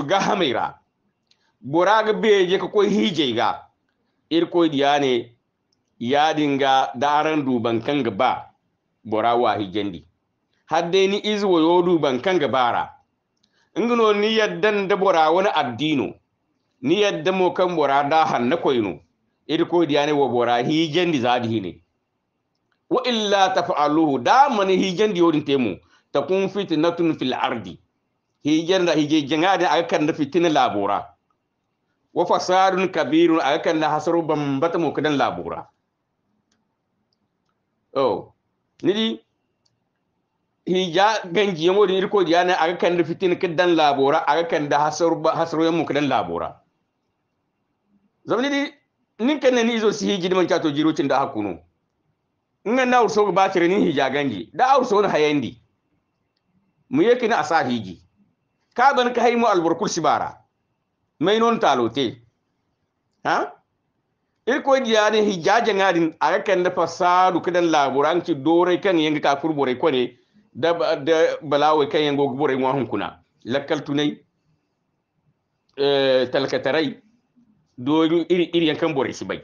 ga hamira bora ga beje ka koy hije ga ir diya ne ya dinga daran duban kan gaba bora wa hijendi hadde ni izwo yo duban kan gabara ingino ni yaddan da bora wani addino ni yadda mo kan bora da hanna koyno ir diya ne wo bora hijendi zadi ne wa illa taf'aluhu da man hijen di yodin temu kun fitnatun fil ardi hijen da hije janga da aka kan da fitina labura wa fasadun kabirun aka kan da hasaru bambata mu kadan labura oh ni di hija ganji yamo da irko diya yana aka kan da fitina kidan labura aka kan da hasaru hasaru yamu kadan labura zamani di ninkan ne ni zo si hiji man kato jirutin da hakuno nga na urso ba tire ni hijaganji da urso na hayandi mu yake ni asa hiji ka ban ka haimu alburkul sibara mai non talote ha irko diya ne hijajen adin a kan da fasadu kidan laburan ci dore kan yanga ka furbore ko ne da da balawai kan yanga gubore hun kuna lakkal tunai eh talkatarai do iri iri yankan bore shi bai.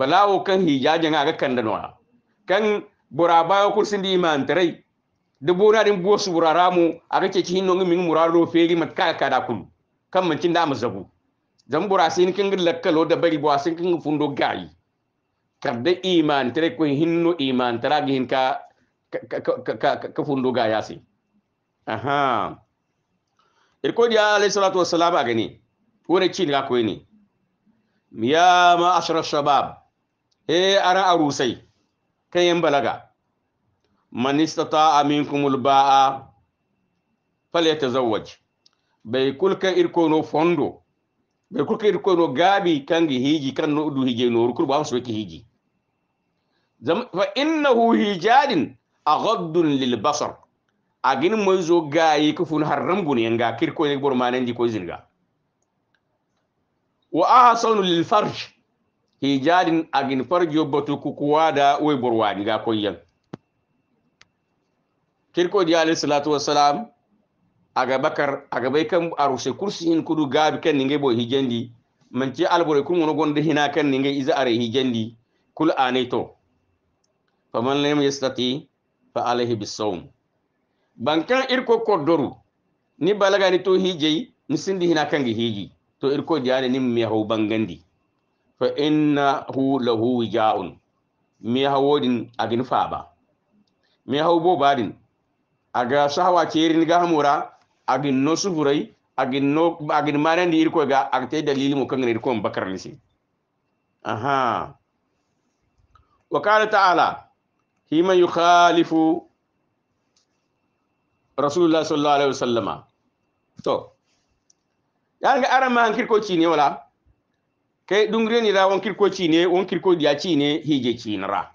balawo kan hijaje a kan kanda nona kan buraba ko sindi man trai de bora din bo su buraramu aga ke ki nongi min muraro feri mat ka kada kun kan mun da mu zabu zan bura ni kin gilla kalo da bari bo sin kin fundo gayi kadda iman tare kun hinno iman tara gi hin ka ka ka fundo gaya sai aha irko dia alayhi salatu wassalam agani wani cin ga ko ni ya ma ashra shabab e ara arusai yan balaga ta istata'a minkumul ba'a falyatazawwaj bai kulka no fondo bai kulka no gabi kangi hiji kan no du hije no rukul ba su hiji fa innahu hijadin aghaddun lil basar agin mai zo gayi kufun haram gun yanga kirko ne bormanen di ko zinga wa ahsanu lil farj hijadin agin farjo batu kukuwa da wai burwani ga koyan kirko di alayhi salatu wassalam aga bakar aga bai kan aruse kursi in kudu gabi kan ninge bo hijendi manci albure kun wono gonde hina kan ninge iza are hijendi kul anaito faman lam yastati fa alayhi bisawm bankan irko kodoru ni balaga ni to hijeyi ni sindi hina kan gi hiji to irko di ni mi hau bangandi fa hu lahu wija'un mi hawodin agin faba mi hawo bo badin aga ce irin ga hamura agin no sufurai agin no agin manandi irko ga ta dalili kan kangani irko bakar lisi aha wa qala ta'ala himan yukhalifu rasulullah sallallahu alaihi wasallama to yanga arama hankir ko ne wala kai dungre ni da wonkir ko cine wonkir ko diya cine hije cinra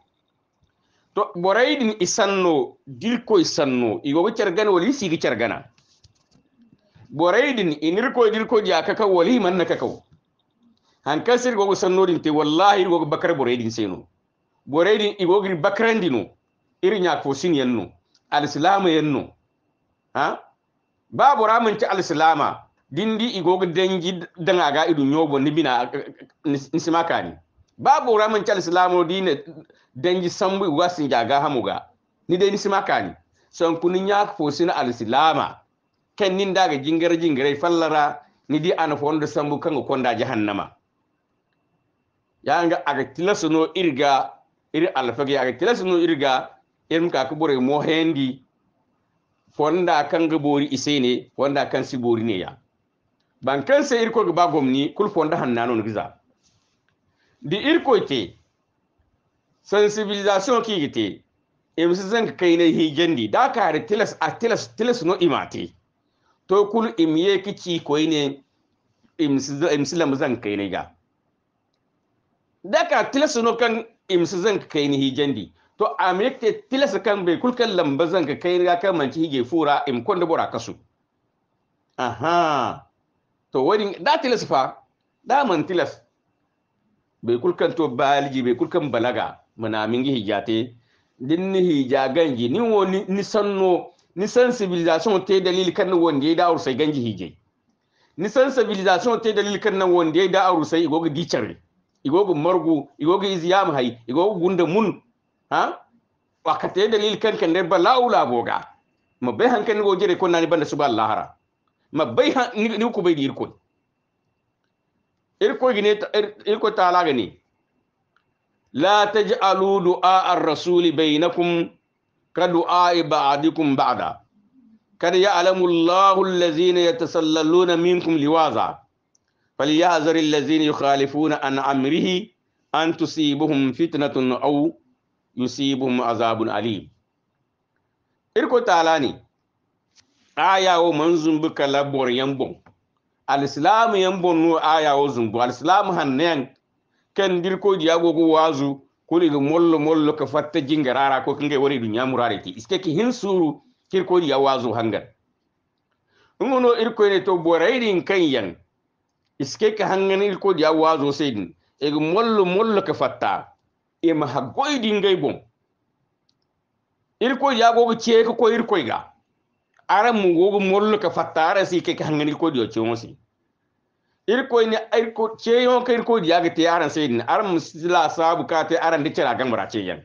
to borai din isanno dirko isanno i go cergana wali sigi cergana borai din inir ko dirko diya ka wali man ka kaw hankan sir go sanno din te wallahi go bakar borai din seno borai din go gir bakran dino irin ya ko sin yanno alislama yanno ha ba boramin ci alislama dindi igogo dengi danga ga idu nyobo ni bina nsimakani babu ramin chal islamu dine dengi sambu wasin jaga hamuga ni dai nsimakani so kunin ya fosina al islama ken nin daga jingare jingare fallara ni di ana fondo sambu kanga konda jahannama yanga aga tilasuno irga iri alfagi aga tilasuno irga irin ka kubure mo hendi fonda kanga bori isene wanda kan sibori ne ya Ban kan sai irko ga bagomni da hannano giza. di irko ke sensibilisation ki gite musu zan kai na higendi da ka hari tilas a tilas tilas no imate to kul imiye kici koyi ne imsi lam zan kai ne ga da ka tilas no kan imsi zan kai ni higendi to amikte tilas kan bai kul kan lamba zan kai ne ga kan manci hige fura im kon da bora kasu aha to wani da tilas fa da man tilas bai kulkan to baliji bai kulkan balaga mana gi hijate din ni hija ganji ni woni ni sanno ni sensibilisation te dalil kan wonde ya da sai ganji hije ni sensibilisation te dalil kan wonde da auru sai igogo dicare igogo margu igogo iziyam hay igogo gunda mun ha wakate dalil kan kan ne balaula boga mabai hankan go jere ko nani banda suba ma bai ha ni ku bai irko irko gine irko ta laga ne la taj'alu du'a ar-rasul bainakum ka du'a ba'dikum ba'da kad ya'lamu Allahu allazina yatasallaluna minkum liwaza فليحذر الذين يخالفون عن امره ان تصيبهم فتنه او يصيبهم عذاب اليم irko talani ayawo man zumbu kala bor yan bon alislamu yan bon no ayawo zumbu alislamu hannayan kan dirko ji gogo wazu kuli ga mollo mollo ka fatta rara ko kinga wari dunya murare ki iske ki kir ko ji wazu hangal ngono ko ne to boraidin kan yan iske ka ir ko ji wazu saidin e ga mollo mollo ka fatta e ma hagoidin gaibon bon, ji agogo ce ka ko ko ga ara mugogo mollo ka fattara si ke hangani ko diyo chemo si ir ko ni ir ko cheyo ka ir ko diya ga te aran sai ni aran musila sabu ka te aran de chara gambara ce yan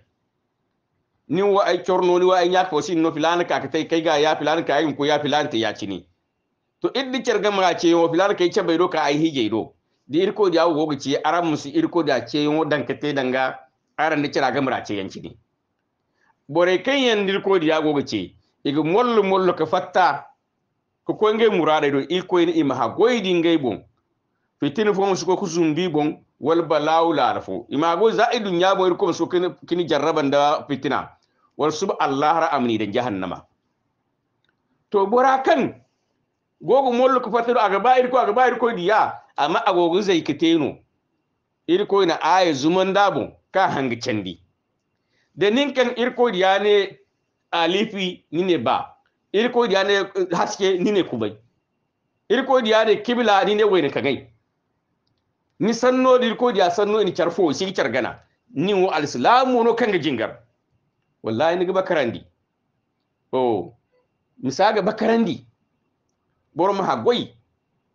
ni wa ai chorno ni wa ai yak fosi no filan ka ka tai kai ga ya filan ka ai ko ya filan te ya cini to iddi char gambara ce yo filan kai ce bai do ka ai hige do di ir ko diya go ci aran si ir ko da ce yo dan ka te danga aran de chara gambara ce yan cini bore kan yan dir ko diya go ce iga mollo mollo ka fatta ko ko ngay murade do i ko ini ima ha goydi ngay bon fitini fo mo suko bi bon wal balaw la rafu ima go zaidu nyabo ir ko suko kini jarraban da fitina wal sub allah ra amni da jahannama to bora kan gogo mollo ko fatta do aga ba ir ko aga ba ir ko diya amma agogun zai kiteno ir ko ina aye zuman dabo ka hangi candi da ninkan ir ko diya ne alifi ni ne ba iriko diya ne eh, haske ni ne kubai iriko diya ne kibla ni ne wayne kagai ni sanno di iriko diya sanno ni charfo si gana ni wo alislamu no kanga jingar wallahi ni ga bakarandi oh misaga bakarandi bor ma hagoi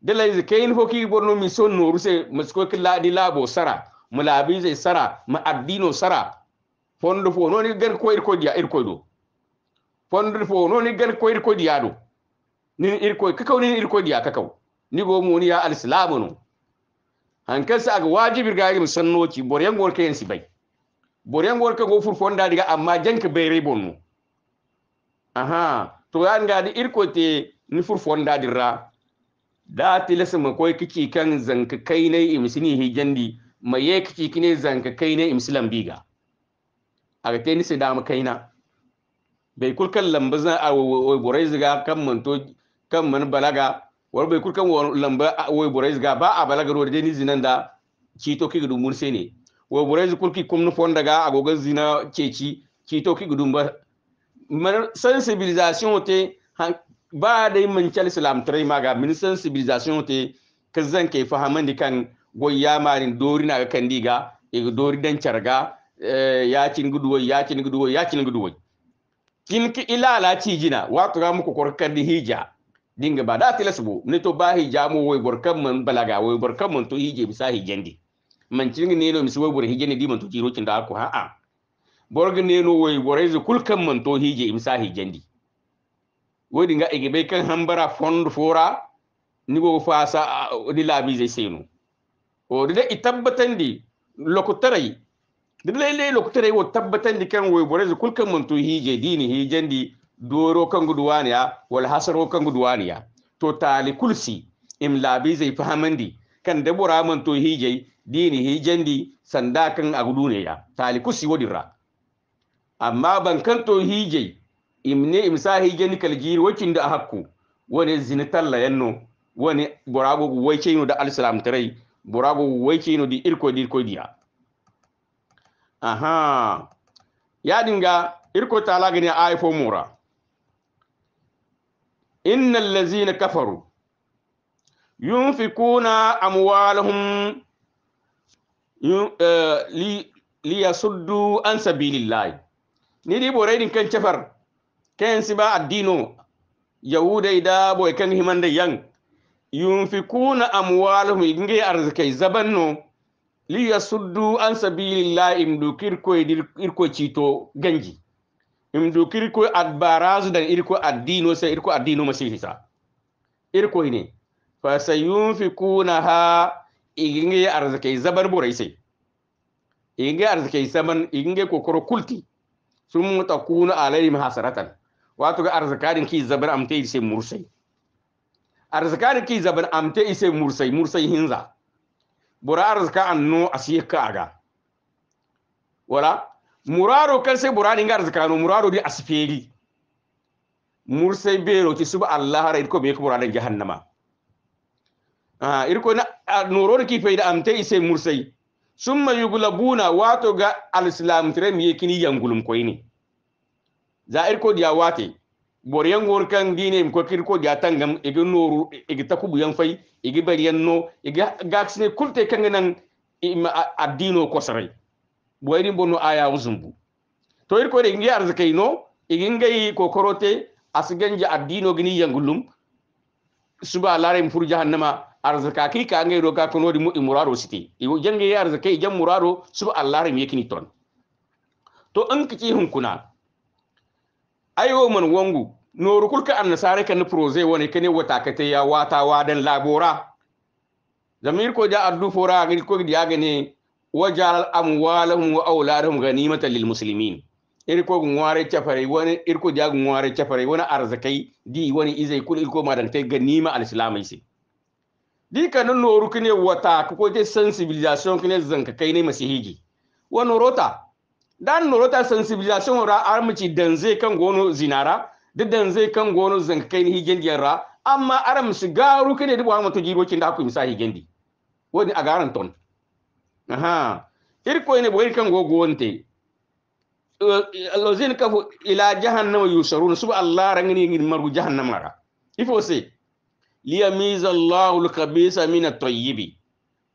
dalai ni foki borno mi son no ruse musko kila di labo sara mulabi zai sara ma addino sara fondo fo no ni gar ko irko diya irko do fondre fo no ni gan ko ko diado ni ir ko kakau ni ir ko ka kakau ni go mo ni ya alislamu no hankan sa aga wajibir ga yi sannoci boryan gor kayan si bor boryan gor ka go fur fonda diga amma janka bai re bonno aha to yan ga di ir ko te ni fur fonda dirra da lesa ma koy kici kan zanka kai ne imsini hijandi mai ye kici kine zanka kai ne imsilan biga aga te ni sai da mu kaina bai kulkan lamba zan a waiburai ziga kan manto kan man balaga war bai kulkan lambu a waiburai ziga ba a balaga ruwa dai zinan da ki to ki gudun murse ne waiburai zi kulki daga agogon zina ceci ki to ki gudun ba sensibilizasyon ba dai man cal islam tare ma ga min sensibilizasyon te ka zan kai fahimman da kan goyya marin dori na ga kan diga e dori dan carga eh, ya cin guduwai ya cin guduwai ya cin guduwai kilki ilala cijina ga muku korkandi hija dinga ba da tilasbu ni to ba hija mu wai borkan man balaga wai borkan man to hije bisa hijendi man cin ne no misu wai hije ne di man to kiro kin da ako ha a borg ne no wai boraizu kulkan man to hije imsa hijendi wai dinga igibe kan hambara fond fora ni go fasa ni labi zai seno o da itabbatan di lokutarai. dilele lokuta re wo tabbatar da kan wo bore kulkan kan mun to hije dini hijen di doro kan ya wal hasaro kan guduwa ne ya to tali kulsi labi zai di kan dabura mun hije dini hijen di sanda kan a gudu ne ya tali kulsi ra amma ban kan to hije imne sa hije ni kaljiri wakin da hakku wani talla yanno wani burago wai ce da alisalam tarai burago wai ce di irko di irko ya aha dinga irko talagini ay fo mura innal lazina kafaru yunfikuna amwalahum eh, liyasuddu an sabilillahi ni di borai din kan cefar kan ba addino yahudai ida boy kan himanda yang yunfikuna amwalahum inge arzikai zabanno li suddu an sabilillah imdukir ko irko cito ganji imdukir ko adbarazu dan irko addino sai irko addino masihisa irko ne fa sayunfikuna ha iginge arzakai zabar burai sai iginge arzakai saman iginge kokoro kulti sun kunu alaihim hasaratan wato ga arzakarin ki zabar amte sai mursai arzakarin ki zabar amte sai mursai mursai hinza bura arzika annu asiye kaga wala muraro kan sai burani ngar zakano muraro di asferi mursai bero ti suba allah ra irko be ko burani jahannama ah irko na ah, nuro ki faida amte ise mursai summa yuglabuna wato ga alislam tirem yekini yangulum koyni za irko diya wate boriyan workan dine ko kir ko ga tangam igi noru igi takubu yan fai igi bariyan no igi gaksine kulte nan addino ko sarai boyri bonno aya uzumbu to irko ko de ngi arzakai no igi ngai ko korote asganja addino gini yangulum suba larim fur jahannama arzaka ki ka ngai do ka kono di mu imuraro siti iwo jangai arzakai jam muraro suba allarim yekini ton to an kici hunkuna ayo man wangu noru kulka an nasare kan proze woni kene wata kate ya wata wadan labora zamir ko ja addu fora gil ko diya gane wajal amwalahum wa auladuhum ghanimatan lil muslimin ko gunware chafare wani ko ja gunware chafare wani arzakai di wani izai kul irko madan tai ganima al islamai se di kanu noru kine wata ko te sensibilisation kene zanka kai ne masihiji, wani rota dan ta sensibilisation ra armici zai kan gono zinara da zai kan gono zankai ni higendi ra amma aram sigaru kene duk wa mutu jiro kin da ku misa higendi wani a garan ton aha irko ne boyi kan gogo wonte lozin fu ila jahannama yusharun suba allah rangini ngin maru jahannama ra ifo se liyamiza allahu alkhabisa min at-tayyibi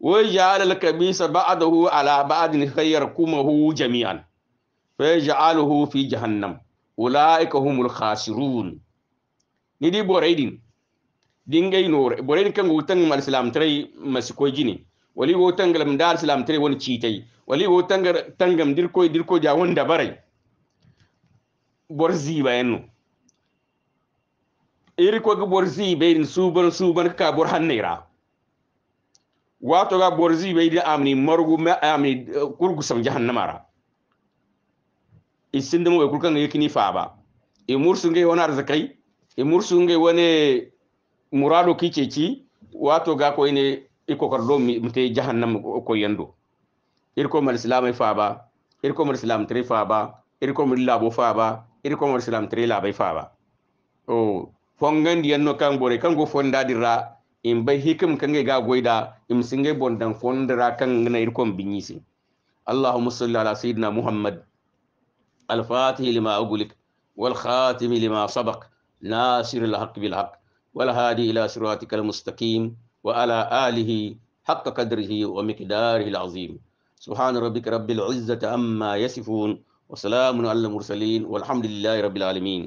wa ja'ala al-khabisa ba'dahu ala khayyar kumahu jami'an fayaj'aluhu fi jahannam ulaika humul khasirun ni di boraydin dingay no boraydin kan gutan mal islam tray masiko jini wali go tangalam dar islam tray woni ciitay wali go tangar tangam dirko dirko ja wonda baray borzi bayanu iri ko go borzi bayin suban suban ka bor hannaira wato ga borzi bayin amni margu amni uh, kurgusam jahannamara isinde mo kulkan kan nifa ba e mursun gai wani arzikai e mursu ngai wani murado ki wato ga ko ne iko kordo mte jahannam ko yando irko mal islam ba irko mal islam tre ba irko mal labo ba irko mal islam tre labai ba. o di yanno kan bore kan go fondadirra in bai hikim kan ga goida im singai bondan ra kan na irko binyisi allahumma salli ala sayyidina muhammad الفاتح لما أغلق والخاتم لما سبق ناصر الحق بالحق والهادي إلى صراطك المستقيم وعلى آله حق قدره ومقداره العظيم سبحان ربك رب العزة أما يصفون وسلام على المرسلين والحمد لله رب العالمين